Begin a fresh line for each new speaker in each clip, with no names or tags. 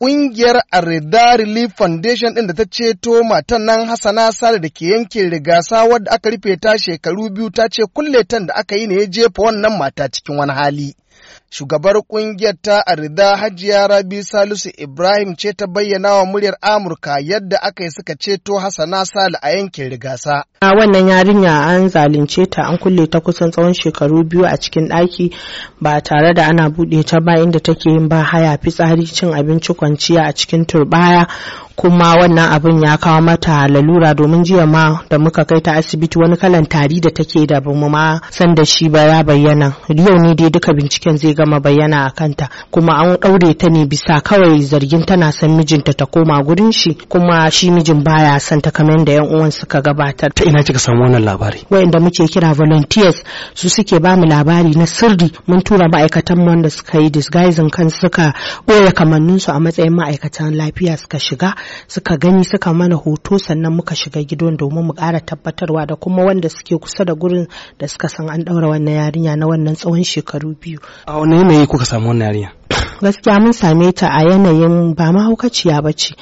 ƙungiyar Arida Relief Foundation ɗin da ta ceto matan nan Hassana Sale da ke yankin rigasa wadda aka rufe ta shekaru biyu ta ce kulletan da aka yi ne ya jefa wannan mata cikin wani hali. Shugabar kungiyar ta Arida Hajiya Rabi Salisu Ibrahim ce ta bayyana wa muryar Amurka yadda aka yi suka ceto Hassana Sale a yankin Rigasa.
A wannan yarinya an zalunce ta an kulle ta kusan tsawon shekaru biyu a cikin ɗaki ba tare da ana buɗe ta ba inda take yin ba haya fitsari cin abinci kwanciya a cikin turbaya kuma wannan abin ya kawo mata lalura domin jiya ma da muka kai ta asibiti wani kalan tari da take da bamu ma san da shi ba ya bayyana. Yau ne dai duka binciken zai gama bayyana a kanta kuma an ɗaure ta ne bisa kawai zargin tana san mijinta ta koma gurin shi kuma shi mijin baya son ta kamar da yan uwan suka
gabatar. Ta ina kika samu wannan labari?
Wayanda muke kira volunteers su suke ba mu labari na sirri mun tura ma'aikatan wanda suka yi disguising kan suka ɓoye kamannin su a matsayin ma'aikatan lafiya suka shiga suka gani suka mana hoto sannan muka shiga gidon domin mu ƙara tabbatarwa da kuma wanda suke kusa da gurin da suka san an ɗaura wannan yarinya na wannan tsawon shekaru biyu.
wani yanayi kuka samu wannan yarinya
gaskiya mun same ta a yanayin ba mahaukaciya ba ce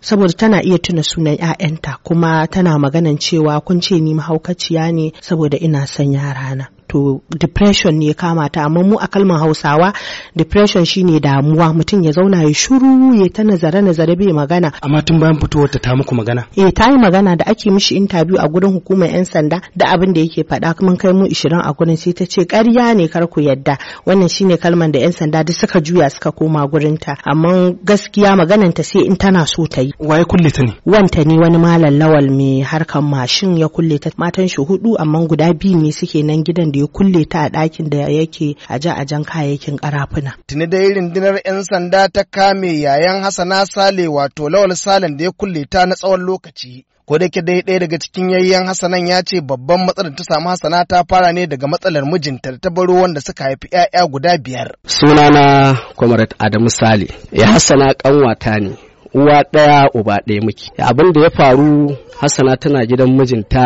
saboda tana iya tuna sunan 'ya'yanta kuma tana maganan cewa kun ce ni mahaukaciya ne saboda ina son yarana to depression ne kama ta amma mu a kalmar hausawa depression shine damuwa mutum ya zauna ya shuru ya ta nazare nazare bai magana
amma tun bayan fitowar ta ta muku magana
eh ta yi magana da ake mishi interview a gurin hukumar yan sanda da abin da yake faɗa mun kai mu 20 a gurin sai ta ce ƙarya ne kar ku yadda wannan shine kalmar da yan sanda duk suka juya suka koma gurin ta amma gaskiya maganan ta sai in tana so ta yi
waye kulle ta ne
wanta ne wani malam lawal mai harkan mashin ya kulle ta matan shi hudu amma guda biyu ne suke nan gidan da ya kulle ta a ɗakin da yake a jan kayayyakin karafuna.
Tuni dai dinar 'yan sanda ta kame yayan Hassana Sale wato Lawal Salen da ya kulle ta na tsawon lokaci. ko da ke dai daga cikin yayyen Hassanan ya ce babban matsalar ta samu Hassana ta fara ne daga matsalar mijinta da ta baro wanda suka haifi 'ya'ya guda biyar sunana
comrade adamu sale ya Hassana kanwata ne uwa ɗaya uba ɗaya muke abin da ya faru Hassana tana gidan mijinta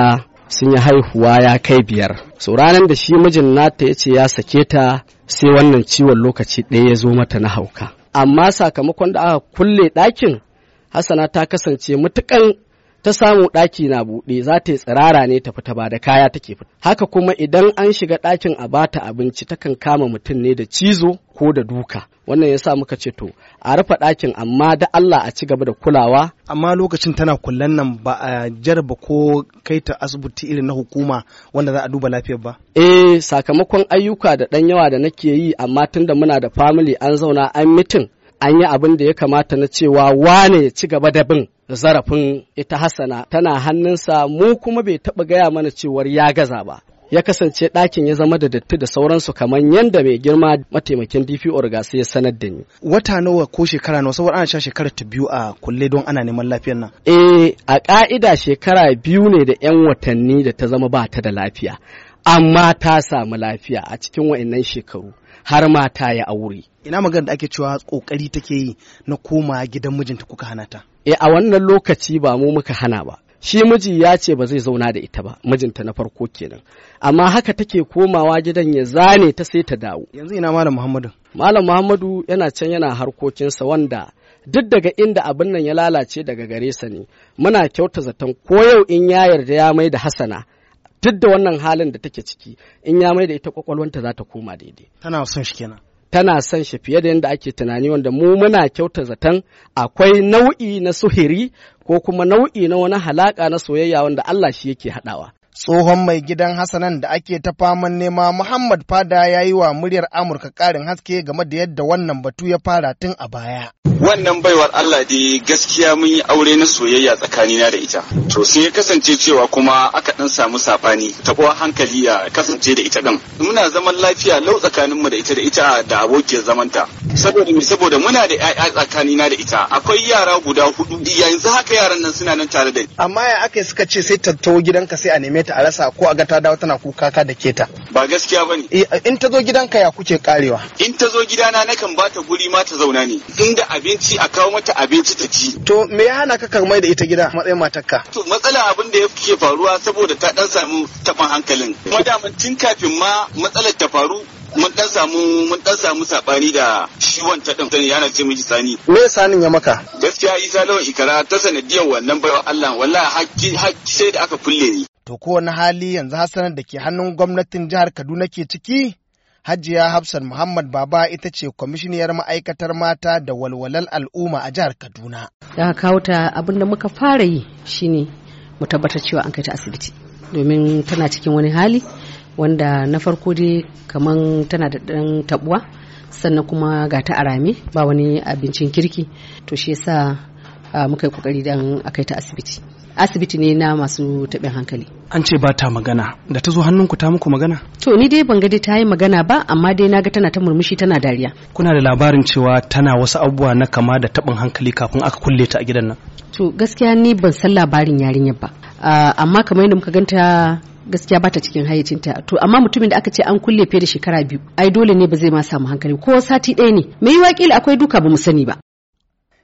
sun yi haihuwa ya kai biyar so ranar da shi mijin nata ya ce ya sake ta sai wannan ciwon lokaci ɗaya ya zo mata na hauka amma sakamakon da aka kulle ɗakin hassana ta kasance mutukan ta samu ɗaki na buɗe za ta yi tsirara ne ta fita ba da kaya take fita haka kuma idan an shiga ɗakin a bata abinci ta kan kama mutum ne da cizo ko da duka wannan ya sa muka ce to a rufe ɗakin amma da Allah a ci gaba da kulawa amma lokacin tana kullan nan ba a jarba ko
kai ta asibiti irin na hukuma wanda za a duba lafiyar ba
eh sakamakon ayyuka da ɗan yawa da nake yi amma tunda muna da famili an zauna an mitin an yi abin da ya kamata na cewa wane ya ci gaba da bin zarafin ita hassana tana hannunsa mu kuma bai taɓa gaya mana cewar ya gaza ba ya kasance ɗakin ya zama da datti da sauransu kamar yadda mai girma mataimakin DPO rigasa ya sanar da ni. Wata nawa ko shekara nawa saboda ana sha
shekara ta biyu a kulle don ana neman lafiyar nan?
Eh a ƙa'ida shekara biyu ne da 'yan watanni da ta zama ba ta da lafiya. Amma ta samu lafiya a cikin wa'annan shekaru. har mata ya aure ina magana da ake cewa kokari take yi na koma gidan mijinta kuka hana ta eh a wannan lokaci ba mu muka hana ba shi miji ya ce ba zai zauna da ita ba mijinta na farko kenan amma haka take komawa gidan ya zane ta sai ta dawo yanzu ina malam muhammadu malam muhammadu yana can yana harkokinsa wanda duk daga inda abin nan ya lalace daga gare sa ne muna kyauta zaton ko yau in ya yarda ya mai da hasana duk da wannan halin da take ciki in ya mai da ita kwakwalwanta za ta koma daidai tana son shi kenan tana son shi fiye da yadda ake tunani wanda mu muna kyauta zaton akwai nau'i na suhiri ko kuma nau'i na wani halaka na soyayya wanda Allah shi yake haɗawa
Tsohon mai gidan Hassanan da ake ta faman nema Muhammad Fada ya yi wa muryar Amurka karin haske game da yadda wannan batu ya fara tun a baya.
Wannan baiwar Allah dai gaskiya mun yi aure na soyayya tsakanina da ita. To sun ya kasance cewa kuma aka ɗan samu sabani taɓuwa hankali ya kasance da ita ɗin. Muna zaman lafiya lau tsakaninmu da ita da ita da abokiyar zamanta. Saboda saboda muna da 'ya'ya tsakanina da ita akwai yara guda hudu yanzu haka yaran nan suna nan tare da ni.
Amma ya aka suka ce sai tattawo gidanka sai a neme ta a rasa ko a ga ta dawo tana kuka ka da keta.
Ba gaskiya ba ne.
Eh, in ta zo gidanka ya kuke karewa.
In ta zo gidana na kan ba ta guri ma ta zauna ne. Inda abinci a kawo mata
abinci ta ci. To me ya hana ka karmai da ita gida matsayin matarka?
To matsala abin da ya ke faruwa saboda ta dan samu taɓin hankalin. Kuma mun tun kafin ma matsalar ta faru mun dan samu mun dan samu sabani da shi wanta din sani yana ce miji sani
me sanin ya maka
gaskiya isa lawan ikara ta sanadiyar wannan baiwa Allah wallahi hakki hakki sai da aka kulle
ni To kowane hali yanzu hasanar da ke hannun gwamnatin jihar Kaduna ke ciki? Hajiya Hafsan Muhammad Baba ita ce kwamishiniyar ma'aikatar mata da walwalar al'umma a jihar Kaduna.
Da kawo ta abin da muka fara yi shine mu tabbatar cewa an kai ta asibiti domin tana cikin wani hali wanda na farko dai kaman tana da ɗan tabuwa sannan kuma ga ta arame ba wani abincin kirki to shi yasa Ah, muka yi kokari dan kai ta asibiti asibiti ne na masu taɓin
hankali an ce ba ta magana da ta zo hannunku ta muku magana
to ni dai ban ga dai ta yi magana ba amma dai naga tana ta murmushi tana dariya
kuna da labarin cewa tana wasu abubuwa na kama da taɓin hankali kafin aka kulle ta a gidan nan
to gaskiya ni ban san labarin yarinya ba ah, amma kamar yadda muka ganta gaskiya bata cikin hayyacinta to amma mutumin da aka ce an kulle fiye da shekara biyu ai dole ne ba zai ma samu hankali ko sati ɗaya ne Me yi wakili akwai duka ba mu sani ba